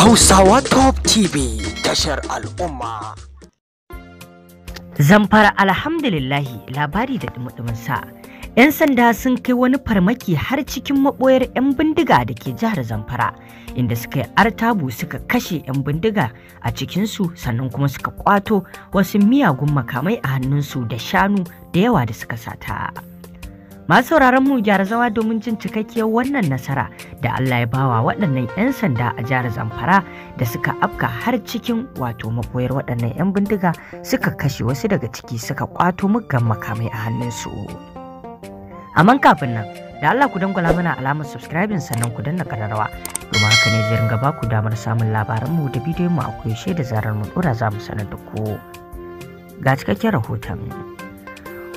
Hausawa Top TV tashar al'umma. Zamfara alhamdulillahi labari da dumudumin sa. 'Yan sanda sun kai wani farmaki har cikin maɓoyar 'yan bindiga da ke jihar Zamfara, inda suka yi artabu suka kashe 'yan bindiga a cikinsu sannan kuma suka kwato wasu miyagun makamai a hannunsu da shanu da yawa da suka sata. Masu sauraron mu gyara zama domin jin cikakkiyar wannan nasara da Allah ya bawa waɗannan 'yan sanda a jihar Zamfara da suka afka har cikin wato makoyar waɗannan 'yan bindiga suka kashe wasu daga ciki suka kwato muggan makamai a hannunsu. Amman kafin nan, da Allah ku dangwala mana alamar subscribing sannan ku danna kararrawa domin haka ne zai ringa ku damar samun labaranmu da bidiyon mu a koyaushe da zarar mu dora za mu sanar da ku. Ga cikakken rahoton.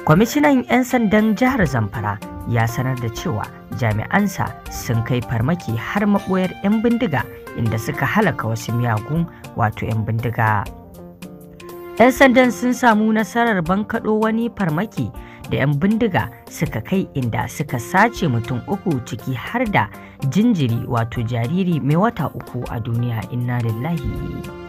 kwamishinan 'yan sandan jihar zamfara ya sanar da cewa jami'ansa sun kai farmaki har maɓoyar 'yan bindiga inda suka halaka wasu miyagun wato 'yan bindiga 'yan sandan sun samu nasarar bankaɗo wani farmaki da 'yan bindiga suka kai inda suka sace mutum uku ciki har da jinjiri wato jariri mai wata uku a duniya inna lillahi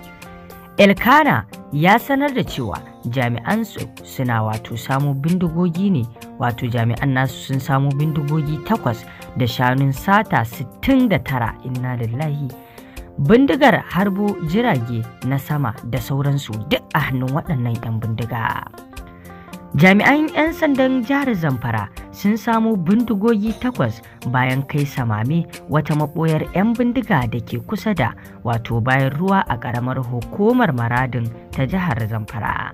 elkana ya sanar da cewa jami'an suna wato samo bindigogi ne wato jami'an nasu sun samu bindigogi takwas da shanun sata 69 inna lillahi bindigar harbo jirage na sama da sauransu duk a hannun waɗannan 'yan bindiga jami'an 'yan sandan jihar zamfara sun samo bindigogi takwas bayan kai samame wata maboyar 'yan bindiga da ke kusa da wato bayan ruwa a ƙaramar hukumar maradin ta jihar zamfara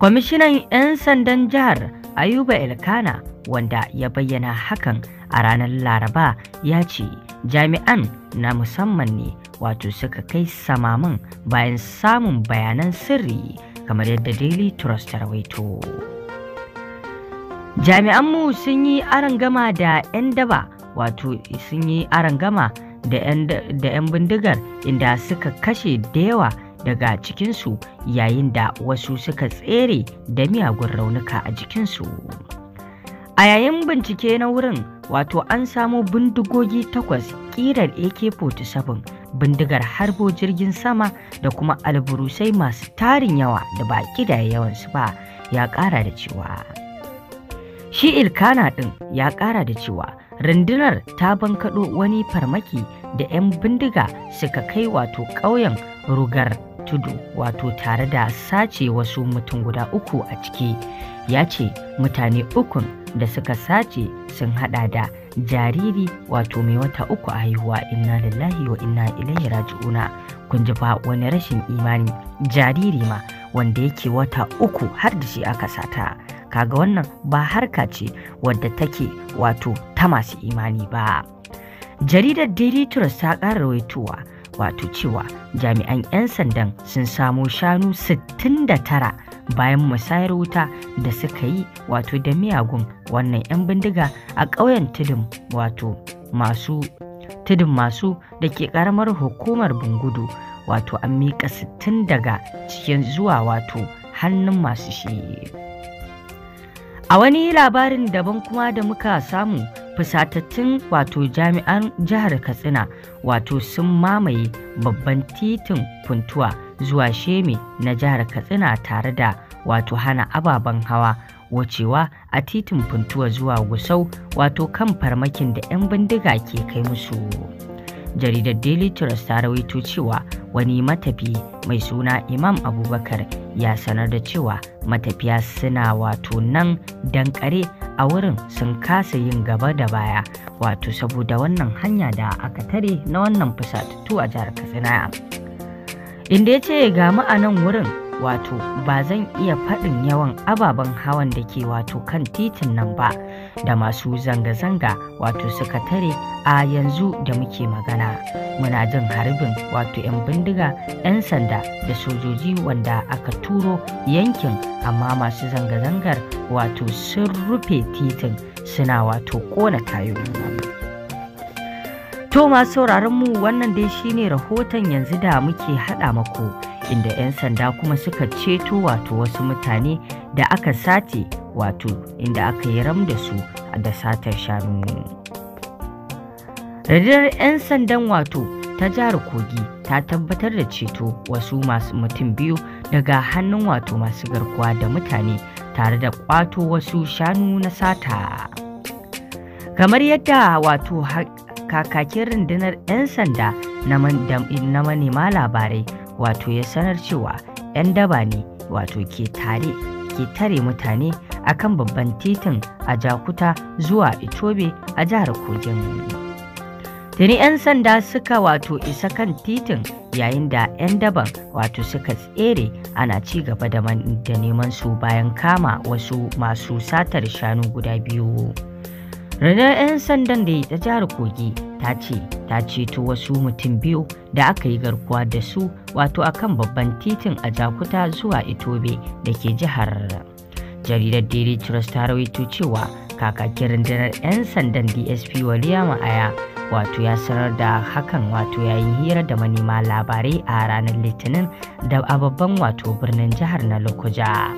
kwamishinan 'yan sandan jihar ayuba elkana wanda ya bayyana hakan a ranar laraba ya ce jami'an na musamman ne wato suka kai samamin bayan samun bayanan sirri kamar yadda daily trust ta rawaito. jami'anmu sun yi gama da 'yan daba wato sun yi gama da 'yan bindigar inda suka kashe da yawa daga cikinsu yayin da wasu suka tsere da miyagun raunuka a jikinsu a yayin bincike na wurin wato an samo bindigogi takwas kirar ak-47 bindigar harbo jirgin sama da kuma alburusai masu tarin yawa da ba ƙidaya yawansu ba ya ƙara da cewa Shi Ilkana ɗin ya ƙara da cewa rundunar ta bankaɗo wani farmaki da 'yan bindiga suka kai wato ƙauyen Rugar tudu wato tare da sace wasu mutum guda uku a ciki ya ce mutane ukun da suka sace sun hada da jariri wato mai wata uku a haihuwa inna lillahi wa inna ilaihi raji'una kun ji fa wani rashin imani jariri ma wanda yake wata uku har da shi aka sata kaga wannan ba harka ce wadda take wato ta masu imani ba jaridar daily trust ta ƙara rawaitowa wato cewa jami'an 'yan sandan sun samo shanu 69 bayan musayar wuta da suka yi wato da miyagun wannan 'yan bindiga a ƙauyen tudun wato masu tudun masu da ke ƙaramar hukumar bungudu wato an miƙa 60 daga cikin zuwa wato hannun masu shi a wani labarin daban kuma da muka samu fusatattun wato jami'an jihar katsina wato sun mamaye babban titin funtuwa zuwa Shemi na jihar katsina tare da wato hana ababen hawa wacewa a titin funtuwa zuwa gusau wato kan farmakin da 'yan bindiga ke kai musu. jaridar daily trust ta rawaito cewa wani matafi mai suna imam abubakar ya sanar da cewa matafiya suna wato nan dankare a wurin sun kasa yin gaba da baya wato saboda wannan hanya da aka tare na wannan fusatattu a jihar katsina inda ya ce ga ma'anan a wurin wato ba zan iya faɗin yawan ababen hawan da ke wato kan titin nan ba da masu zanga-zanga wato suka tare a yanzu da muke magana muna jin harbin wato 'yan bindiga 'yan sanda da sojoji wanda aka turo yankin amma masu zanga-zangar wato sun rufe titin suna wato kona tayoyi to masu sauraron mu wannan dai shine rahoton yanzu da muke haɗa maku inda 'yan sanda kuma suka ceto wato wasu mutane da aka sace wato inda aka yi ram da su da satar shanu. Rundunar 'yan sandan wato ta jihar Kogi ta tabbatar da ceto wasu masu mutum biyu daga hannun wato masu garkuwa da mutane tare da kwato wasu shanu na sata. Kamar yadda wato kakakin rundunar 'yan sanda na manema labarai wato ya sanar cewa 'yan daba ne wato ke tare ke tare mutane a kan babban titin a jakuta zuwa itobe a jihar kogin tuni 'yan sanda suka wato isa kan titin yayin da 'yan daban wato suka tsere ana ci gaba da neman su bayan kama wasu masu satar shanu guda biyu Radar 'yan sandan da ya ta jihar Kogi ta ce ta ceto wasu mutum biyu da aka yi garkuwa da su wato akan babban titin a Jakuta zuwa Itobe da ke jihar. Jaridar Daily Trust ta rawaito cewa kakakin rundunar 'yan sandan DSP Waliya Ma'aya wato ya sanar da hakan wato yayin hira da manema labarai a ranar Litinin da a babban wato birnin jihar na Lokoja.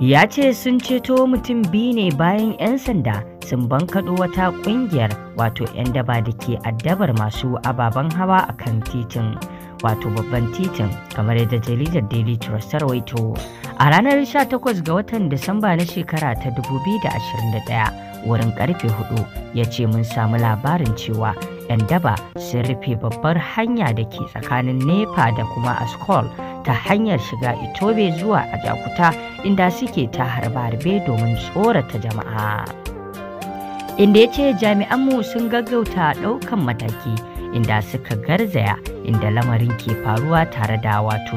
ya ce sun ceto mutum biyu ne bayan 'yan sanda sun bankaɗo wata ƙungiyar wato 'yan daba da ke addabar masu ababen hawa a kan titin wato babban titin kamar yadda jaridar daily trust rawaito a ranar 18 ga watan disamba na shekara ta 2021 wurin karfe hudu ya ce mun samu labarin cewa 'yan daba sun rufe babbar hanya da ke tsakanin nepa da kuma askol ta hanyar shiga itobe zuwa a Jakuta, inda suke ta harbe-harbe domin tsorata jama'a inda ya ce jami'anmu sun gaggauta ɗaukan mataki inda suka garzaya inda lamarin ke faruwa tare da wato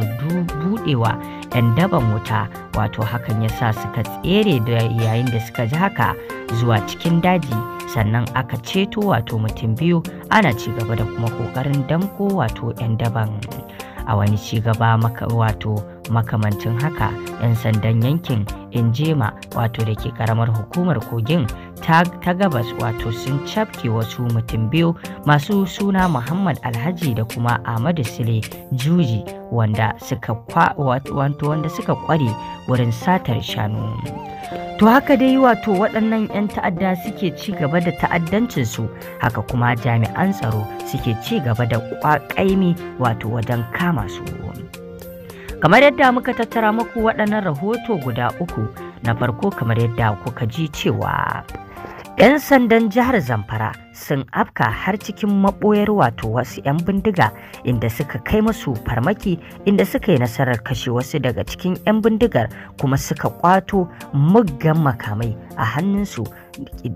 budewa 'yan daban wuta wato hakan ya sa suka tsere da yayin da suka ji haka zuwa cikin daji sannan aka ceto wato mutum biyu ana ci gaba da kuma ƙoƙarin damko wato 'yan daban a wani cigaba, wato makamancin haka 'yan sandan yankin injema wato da ke karamar hukumar kogin ta gabas wato sun cafke wasu mutum biyu masu suna muhammad alhaji da kuma ahmadu Sule juji wanda suka wanda suka kware wurin satar shanu To haka dai wato waɗannan 'yan ta'adda suke ci gaba da ta'addancinsu haka kuma jami'an tsaro suke ci gaba da ƙwaƙaimi wato wajen kama su. Kamar yadda muka tattara muku waɗannan rahoto guda uku na farko kamar yadda kuka ji cewa 'yan sandan jihar zamfara sun afka har cikin maɓoyar wato wasu 'yan bindiga inda suka kai masu farmaki inda suka yi nasarar kashe wasu daga cikin 'yan bindigar kuma suka kwato muggan makamai a hannunsu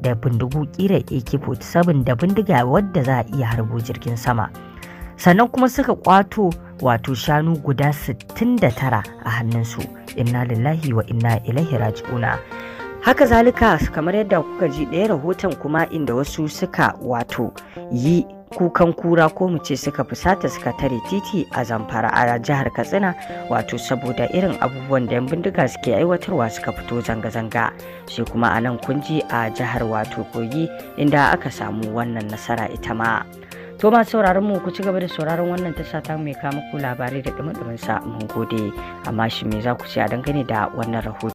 da bindigu ƙira ak-47 da bindiga wadda za a iya harbo jirgin sama sannan kuma suka kwato wato shanu guda 69 a hannunsu inna lillahi wa inna ilaihi raji'una haka zalika kamar yadda kuka ji ɗaya rahoton kuma inda wasu suka wato yi kukan kura ko mu ce suka fusata suka tare titi a zamfara a jihar katsina wato saboda irin abubuwan da 'yan bindiga suke aiwatarwa suka fito zanga-zanga sai kuma a nan kunji a jihar wato kogi inda aka samu wannan nasara ita ma To ma sauraron mu ku ci gaba da sauraron wannan tasha ta mai kama ku labarai da dumin sa mun gode amma shi me za ku ci a dangane da wannan rahoton.